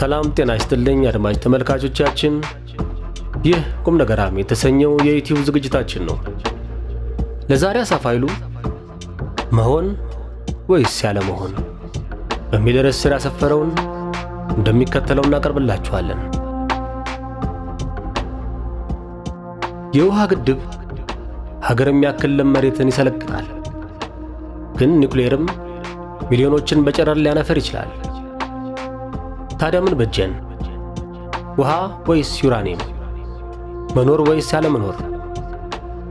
ሰላም ጤና ይስጥልኝ አድማጭ ተመልካቾቻችን፣ ይህ ቁም ነገር የተሰኘው የዩቲዩብ ዝግጅታችን ነው። ለዛሬ አሳፋይሉ መሆን ወይስ ያለ በሚል ርዕስ ስር ያሰፈረውን እንደሚከተለው እናቀርብላችኋለን። የውሃ ግድብ ሀገር የሚያክል ለም መሬትን ይሰለቅጣል፣ ግን ኒውክሌርም ሚሊዮኖችን በጨረር ሊያነፈር ይችላል። ታዲያ ምን በጀን? ውሃ ወይስ ዩራኒየም? መኖር ወይስ ያለመኖር?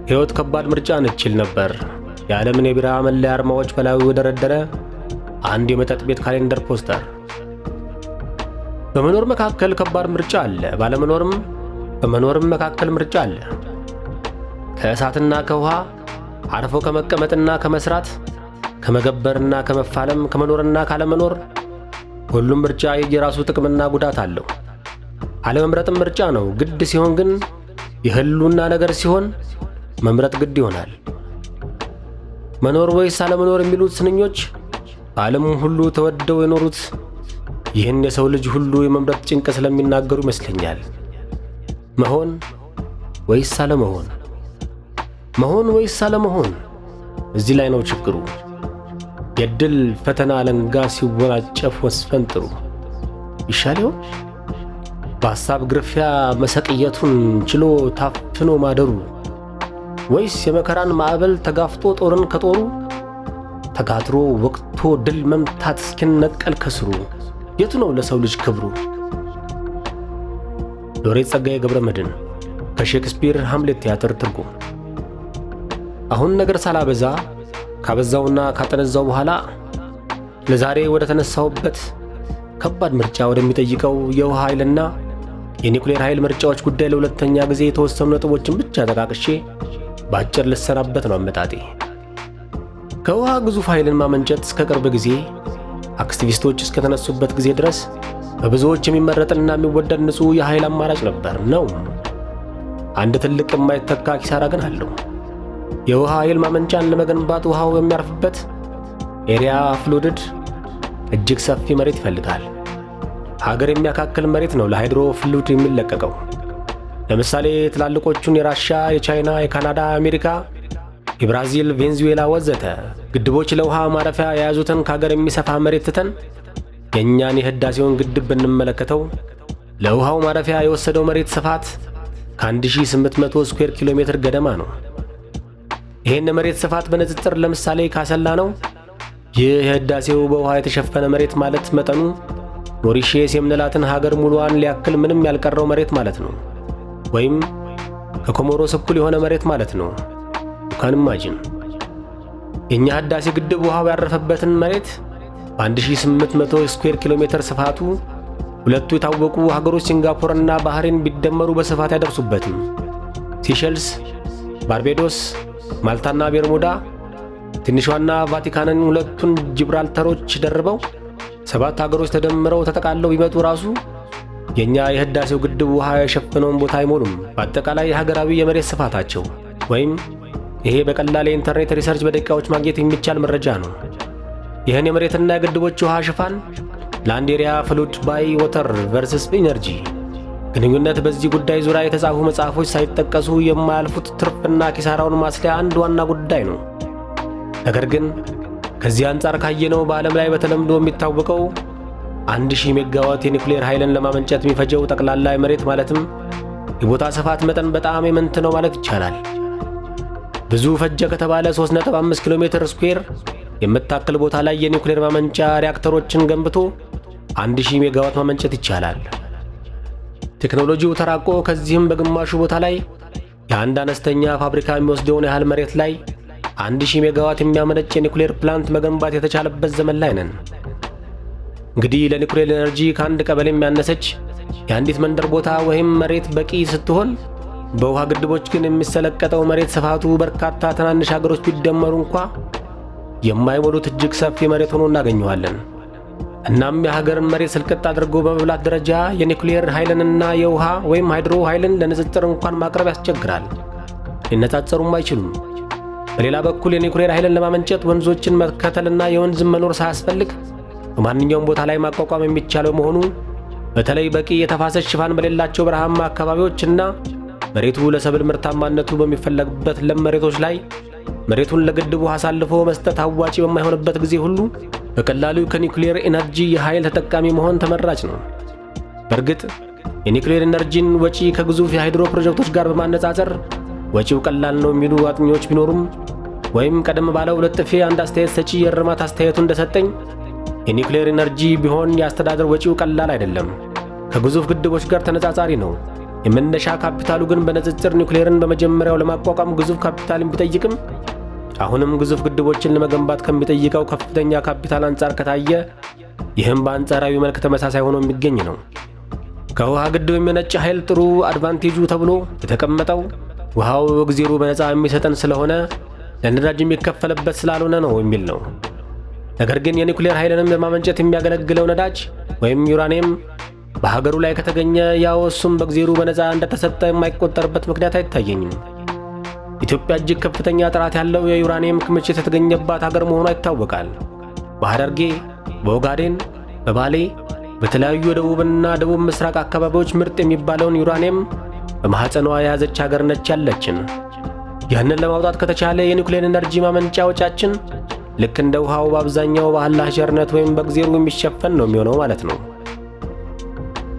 ሕይወት ከባድ ምርጫ ንችል ነበር የዓለምን የቢራ መለያ አርማዎች በላዩ የደረደረ አንድ የመጠጥ ቤት ካሌንደር ፖስተር። በመኖር መካከል ከባድ ምርጫ አለ። ባለመኖርም በመኖርም መካከል ምርጫ አለ። ከእሳትና ከውሃ አርፎ ከመቀመጥና ከመስራት ከመገበርና ከመፋለም ከመኖርና ካለመኖር ሁሉም ምርጫ የየራሱ ጥቅምና ጉዳት አለው። አለመምረጥም ምርጫ ነው። ግድ ሲሆን ግን የህሉና ነገር ሲሆን መምረጥ ግድ ይሆናል። መኖር ወይስ አለመኖር የሚሉት ስንኞች በዓለም ሁሉ ተወደው የኖሩት ይህን የሰው ልጅ ሁሉ የመምረጥ ጭንቅ ስለሚናገሩ ይመስለኛል። መሆን ወይስ አለመሆን፣ መሆን ወይስ አለመሆን፣ እዚህ ላይ ነው ችግሩ። የድል ፈተና አለንጋ ሲወናጨፍ ወስፈንጥሩ ይሻል ይሆን? በሐሳብ ግርፊያ መሰቅየቱን ችሎ ታፍኖ ማደሩ ወይስ የመከራን ማዕበል ተጋፍጦ ጦርን ከጦሩ ተጋድሮ ወቅቶ ድል መምታት እስኪነቀል ከስሩ የቱ ነው ለሰው ልጅ ክብሩ? ሎሬት ጸጋዬ ገብረ መድን ከሼክስፒር ሐምሌት ቲያትር ትርጉም። አሁን ነገር ሳላበዛ ካበዛውና ካጠነዛው በኋላ ለዛሬ ወደ ተነሳሁበት ከባድ ምርጫ ወደሚጠይቀው የውሃ ኃይልና የኒኩሌር ኃይል ምርጫዎች ጉዳይ ለሁለተኛ ጊዜ የተወሰኑ ነጥቦችን ብቻ ተቃቅሼ በአጭር ልሰናበት ነው አመጣጤ። ከውሃ ግዙፍ ኃይልን ማመንጨት እስከ ቅርብ ጊዜ አክቲቪስቶች እስከተነሱበት ጊዜ ድረስ በብዙዎች የሚመረጥና የሚወደድ ንጹሕ የኃይል አማራጭ ነበር ነው። አንድ ትልቅ የማይተካ ኪሳራ ግን አለው። የውሃ ኃይል ማመንጫን ለመገንባት ውሃው የሚያርፍበት ኤሪያ ፍሉድድ እጅግ ሰፊ መሬት ይፈልጋል። ሀገር የሚያካክል መሬት ነው ለሃይድሮ ፍሉድ የሚለቀቀው። ለምሳሌ ትላልቆቹን የራሻ፣ የቻይና፣ የካናዳ፣ አሜሪካ፣ የብራዚል፣ ቬንዙዌላ ወዘተ ግድቦች ለውሃ ማረፊያ የያዙትን ከሀገር የሚሰፋ መሬት ትተን የእኛን የህዳሴውን ግድብ ብንመለከተው ለውሃው ማረፊያ የወሰደው መሬት ስፋት ከ1800 ስኩዌር ኪሎ ሜትር ገደማ ነው። ይህን መሬት ስፋት በንጽጽር ለምሳሌ ካሰላ ነው። ይህ የህዳሴው በውሃ የተሸፈነ መሬት ማለት መጠኑ ሞሪሼስ የምንላትን ሀገር ሙሉዋን ሊያክል ምንም ያልቀረው መሬት ማለት ነው። ወይም ከኮሞሮስ እኩል የሆነ መሬት ማለት ነው። ካንም ማጅን የእኛ ህዳሴ ግድብ ውሃው ያረፈበትን መሬት በ1800 ስኩዌር ኪሎ ሜትር ስፋቱ ሁለቱ የታወቁ ሀገሮች ሲንጋፖርና ባህሬን ቢደመሩ በስፋት አይደርሱበትም። ሲሸልስ፣ ባርቤዶስ ማልታና ቤርሙዳ ትንሿና ቫቲካንን ሁለቱን ጅብራልተሮች ደርበው ሰባት አገሮች ተደምረው ተጠቃለው ቢመጡ ራሱ የእኛ የህዳሴው ግድብ ውሃ የሸፈነውን ቦታ አይሞሉም። በአጠቃላይ ሀገራዊ የመሬት ስፋታቸው ወይም ይሄ በቀላል የኢንተርኔት ሪሰርች በደቂቃዎች ማግኘት የሚቻል መረጃ ነው። ይህን የመሬትና የግድቦች ውሃ ሽፋን ለአንድ ኤሪያ ፍሉድ ባይ ወተር ቨርስስ ኢነርጂ ግንኙነት በዚህ ጉዳይ ዙሪያ የተጻፉ መጽሐፎች ሳይጠቀሱ የማያልፉት ትርፍና ኪሳራውን ማስለያ አንድ ዋና ጉዳይ ነው። ነገር ግን ከዚህ አንጻር ካየነው በዓለም ላይ በተለምዶ የሚታወቀው አንድ ሺህ ሜጋዋት የኒውክሌር ኃይልን ለማመንጨት የሚፈጀው ጠቅላላ የመሬት ማለትም የቦታ ስፋት መጠን በጣም የምንት ነው ማለት ይቻላል። ብዙ ፈጀ ከተባለ 3.5 ኪሎ ሜትር ስኩዌር የምታክል ቦታ ላይ የኒውክሌር ማመንጫ ሪያክተሮችን ገንብቶ 1000 ሜጋዋት ማመንጨት ይቻላል። ቴክኖሎጂው ተራቆ ከዚህም በግማሹ ቦታ ላይ የአንድ አነስተኛ ፋብሪካ የሚወስደውን ያህል መሬት ላይ አንድ ሺህ ሜጋዋት የሚያመነጭ የኒኩሌር ፕላንት መገንባት የተቻለበት ዘመን ላይ ነን። እንግዲህ ለኒኩሌር ኤነርጂ ከአንድ ቀበሌ የሚያነሰች የአንዲት መንደር ቦታ ወይም መሬት በቂ ስትሆን በውሃ ግድቦች ግን የሚሰለቀጠው መሬት ስፋቱ በርካታ ትናንሽ ሀገሮች ቢደመሩ እንኳ የማይሞሉት እጅግ ሰፊ መሬት ሆኖ እናገኘዋለን። እናም የሀገርን መሬት ስልቅጥ አድርጎ በመብላት ደረጃ የኒውክሌር ኃይልንና የውሃ ወይም ሃይድሮ ኃይልን ለንጽጽር እንኳን ማቅረብ ያስቸግራል። ሊነጻጸሩም አይችሉም። በሌላ በኩል የኒውክሌር ኃይልን ለማመንጨት ወንዞችን መከተልና የወንዝ መኖር ሳያስፈልግ በማንኛውም ቦታ ላይ ማቋቋም የሚቻለው መሆኑ በተለይ በቂ የተፋሰስ ሽፋን በሌላቸው በረሃማ አካባቢዎች እና መሬቱ ለሰብል ምርታማነቱ በሚፈለግበት ለም መሬቶች ላይ መሬቱን ለግድቡ አሳልፎ መስጠት አዋጪ በማይሆንበት ጊዜ ሁሉ በቀላሉ ከኒውክሌር ኤነርጂ የኃይል ተጠቃሚ መሆን ተመራጭ ነው። በእርግጥ የኒውክሌር ኤነርጂን ወጪ ከግዙፍ የሃይድሮ ፕሮጀክቶች ጋር በማነጻጸር ወጪው ቀላል ነው የሚሉ አጥኚዎች ቢኖሩም ወይም ቀደም ባለ ሁለት ጥፌ አንድ አስተያየት ሰጪ የእርማት አስተያየቱ እንደሰጠኝ የኒውክሌር ኤነርጂ ቢሆን የአስተዳደር ወጪው ቀላል አይደለም፣ ከግዙፍ ግድቦች ጋር ተነጻጻሪ ነው። የመነሻ ካፒታሉ ግን በንጽጽር ኒውክሌርን በመጀመሪያው ለማቋቋም ግዙፍ ካፒታልን ቢጠይቅም አሁንም ግዙፍ ግድቦችን ለመገንባት ከሚጠይቀው ከፍተኛ ካፒታል አንጻር ከታየ ይህም በአንጻራዊ መልክ ተመሳሳይ ሆኖ የሚገኝ ነው። ከውሃ ግድብ የሚነጭ ኃይል ጥሩ አድቫንቴጁ ተብሎ የተቀመጠው ውሃው እግዜሩ በነፃ የሚሰጠን ስለሆነ ለነዳጅ የሚከፈልበት ስላልሆነ ነው የሚል ነው። ነገር ግን የኒኩሌር ኃይልንም ለማመንጨት የሚያገለግለው ነዳጅ ወይም ዩራኒየም በሀገሩ ላይ ከተገኘ ያው እሱም በእግዜሩ በነፃ እንደተሰጠ የማይቆጠርበት ምክንያት አይታየኝም። ኢትዮጵያ እጅግ ከፍተኛ ጥራት ያለው የዩራኒየም ክምችት የተገኘባት ሀገር መሆኗ ይታወቃል። በሐረርጌ፣ በኦጋዴን፣ በባሌ በተለያዩ የደቡብና ደቡብ ምስራቅ አካባቢዎች ምርጥ የሚባለውን ዩራኒየም በማኅፀኗ የያዘች ሀገር ነች ያለችን። ያንን ለማውጣት ከተቻለ የኒውክሌር ኤነርጂ ማመንጫ ወጪያችን ልክ እንደ ውሃው በአብዛኛው በአላህ ቸርነት ወይም በእግዜሩ የሚሸፈን ነው የሚሆነው ማለት ነው።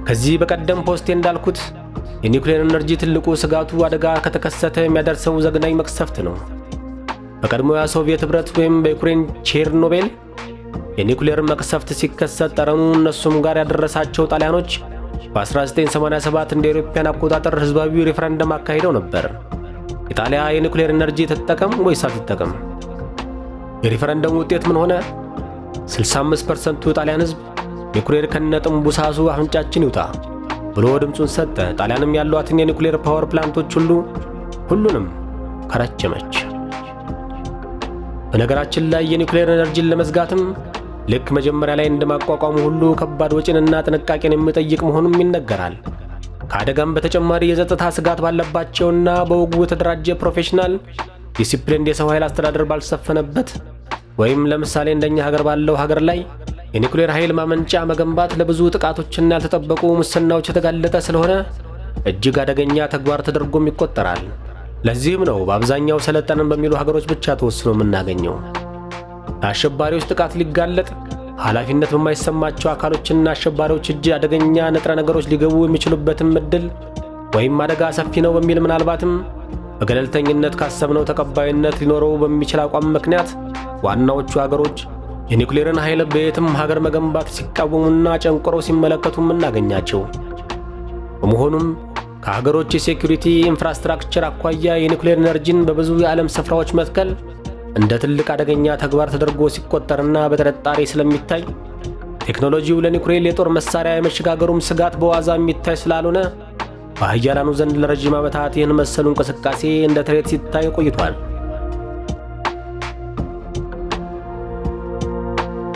ከዚህ በቀደም ፖስቴ እንዳልኩት የኒውክሌር ኤነርጂ ትልቁ ስጋቱ አደጋ ከተከሰተ የሚያደርሰው ዘግናኝ መቅሰፍት ነው። በቀድሞ የሶቪየት ኅብረት ወይም በዩክሬን ቼርኖቤል የኒውክሌር መቅሰፍት ሲከሰት ጠረኑ እነሱም ጋር ያደረሳቸው ጣሊያኖች በ1987 እንደ ኢሮፓያን አቆጣጠር ህዝባዊ ሪፍረንደም አካሂደው ነበር። ኢጣሊያ የኒውክሌር ኤነርጂ ትጠቀም ወይስ አትጠቀም? የሪፈረንደም ውጤት ምን ሆነ? 65 ፐርሰንቱ ጣሊያን ህዝብ ኒውክሌር ከነጥንቡሳሱ አፍንጫችን ይውጣ ብሎ ድምፁን ሰጠ። ጣሊያንም ያሏትን የኒኩሌር ፓወር ፕላንቶች ሁሉ ሁሉንም ከረቸመች። በነገራችን ላይ የኒኩሌር ኤነርጂን ለመዝጋትም ልክ መጀመሪያ ላይ እንደማቋቋሙ ሁሉ ከባድ ወጪንና ጥንቃቄን የሚጠይቅ መሆኑም ይነገራል። ከአደጋም በተጨማሪ የጸጥታ ስጋት ባለባቸውና በወጉ የተደራጀ ፕሮፌሽናል ዲሲፕሊንድ የሰው ኃይል አስተዳደር ባልሰፈነበት ወይም ለምሳሌ እንደኛ ሀገር ባለው ሀገር ላይ የኒኩሌር ኃይል ማመንጫ መገንባት ለብዙ ጥቃቶችና ያልተጠበቁ ሙስናዎች የተጋለጠ ስለሆነ እጅግ አደገኛ ተግባር ተደርጎም ይቆጠራል። ለዚህም ነው በአብዛኛው ሰለጠንን በሚሉ ሀገሮች ብቻ ተወስኖ የምናገኘው። ለአሸባሪዎች ጥቃት ሊጋለጥ ኃላፊነት በማይሰማቸው አካሎችና አሸባሪዎች እጅ አደገኛ ንጥረ ነገሮች ሊገቡ የሚችሉበትም እድል ወይም አደጋ ሰፊ ነው በሚል ምናልባትም በገለልተኝነት ካሰብነው ተቀባይነት ሊኖረው በሚችል አቋም ምክንያት ዋናዎቹ ሀገሮች የኒውክሌርን ኃይል በየትም ሀገር መገንባት ሲቃወሙና ጨንቆሮ ሲመለከቱ የምናገኛቸው። በመሆኑም ከሀገሮች የሴኩሪቲ ኢንፍራስትራክቸር አኳያ የኒውክሌር ኤነርጂን በብዙ የዓለም ስፍራዎች መትከል እንደ ትልቅ አደገኛ ተግባር ተደርጎ ሲቆጠርና በጥርጣሬ ስለሚታይ ቴክኖሎጂው ለኒውክሌር የጦር መሳሪያ የመሸጋገሩም ስጋት በዋዛ የሚታይ ስላልሆነ በሀያላኑ ዘንድ ለረዥም ዓመታት ይህን መሰሉ እንቅስቃሴ እንደ ትሬት ሲታይ ቆይቷል።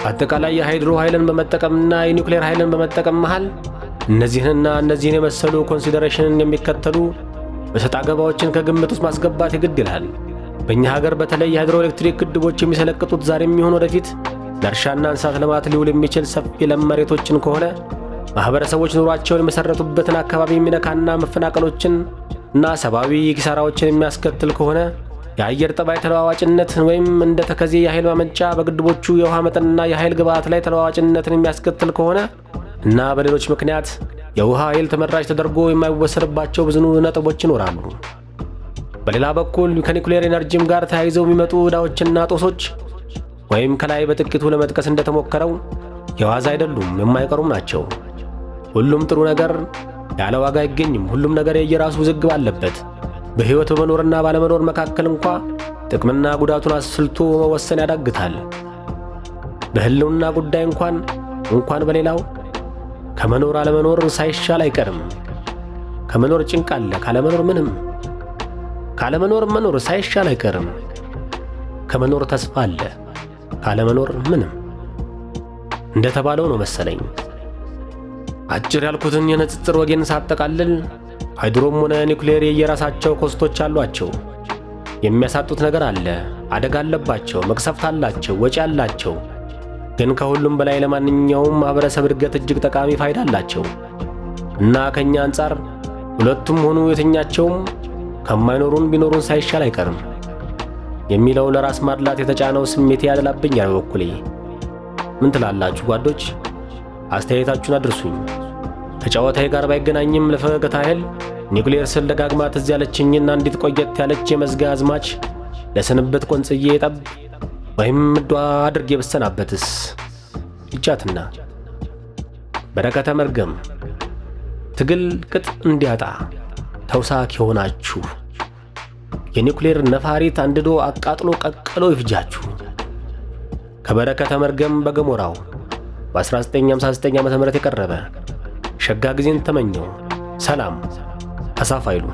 አጠቃላይ የሃይድሮ ኃይልን በመጠቀምና የኒውክሌር ኃይልን በመጠቀም መሃል እነዚህንና እነዚህን የመሰሉ ኮንሲደሬሽንን የሚከተሉ እሰጥ አገባዎችን ከግምት ውስጥ ማስገባት ይግድ ይልሃል። በእኛ ሀገር በተለይ የሃይድሮ ኤሌክትሪክ ግድቦች የሚሰለቅጡት ዛሬ የሚሆን ወደፊት ለእርሻና እንስሳት ልማት ሊውል የሚችል ሰፊ ለም መሬቶችን ከሆነ ማኅበረሰቦች ኑሯቸውን የመሠረቱበትን አካባቢ የሚነካና መፈናቀሎችን እና ሰብአዊ ኪሳራዎችን የሚያስከትል ከሆነ የአየር ጠባይ ተለዋዋጭነትን ወይም እንደ ተከዜ የኃይል ማመንጫ በግድቦቹ የውሃ መጠንና የኃይል ግብዓት ላይ ተለዋዋጭነትን የሚያስከትል ከሆነ እና በሌሎች ምክንያት የውሃ ኃይል ተመራጭ ተደርጎ የማይወሰድባቸው ብዙ ነጥቦች ይኖራሉ። በሌላ በኩል ከኒኩሌር ኤነርጂም ጋር ተያይዘው የሚመጡ ዕዳዎችና ጦሶች ወይም ከላይ በጥቂቱ ለመጥቀስ እንደተሞከረው የዋዛ አይደሉም፣ የማይቀሩም ናቸው። ሁሉም ጥሩ ነገር ያለ ዋጋ አይገኝም። ሁሉም ነገር የየራሱ ውዝግብ አለበት። በሕይወት በመኖርና ባለመኖር መካከል እንኳ ጥቅምና ጉዳቱን አስልቶ መወሰን ያዳግታል። በሕልውና ጉዳይ እንኳን እንኳን በሌላው ከመኖር አለመኖር ሳይሻል አይቀርም። ከመኖር ጭንቅ አለ፣ ካለመኖር ምንም፣ ካለመኖር መኖር ሳይሻል አይቀርም። ከመኖር ተስፋ አለ፣ ካለመኖር ምንም እንደተባለው ነው መሰለኝ። አጭር ያልኩትን የንጽጽር ወጌን ሳጠቃልል ሃይድሮም ሆነ ኒውክሌር የየራሳቸው ኮስቶች አሏቸው። የሚያሳጡት ነገር አለ፣ አደጋ አለባቸው፣ መቅሰፍት አላቸው፣ ወጪ አላቸው። ግን ከሁሉም በላይ ለማንኛውም ማህበረሰብ እድገት እጅግ ጠቃሚ ፋይዳ አላቸው እና ከእኛ አንጻር ሁለቱም ሆኑ የትኛቸውም ከማይኖሩን ቢኖሩን ሳይሻል አይቀርም የሚለው ለራስ ማድላት የተጫነው ስሜቴ ያደላብኛል በበኩሌ። ምን ትላላችሁ ጓዶች? አስተያየታችሁን አድርሱኝ። ከጨዋታዬ ጋር ባይገናኝም ለፈገግታ ያህል ኒውክሌር ስል ደጋግማ ትዝ ያለችኝና አንዲት ቆየት ያለች የመዝጊያ አዝማች ለስንብት ቆንጽዬ ጠብ ወይም ምዷ አድርጌ ብሰናበትስ ይቻትና በረከተ መርገም ትግል ቅጥ እንዲያጣ ተውሳክ የሆናችሁ የኒውክሌር ነፋሪት አንድዶ አቃጥሎ ቀቅሎ ይፍጃችሁ። ከበረከተ መርገም በገሞራው በ1959 ዓ.ም የቀረበ ሸጋ ጊዜን ተመኘው። ሰላም አሳፍ አይሉ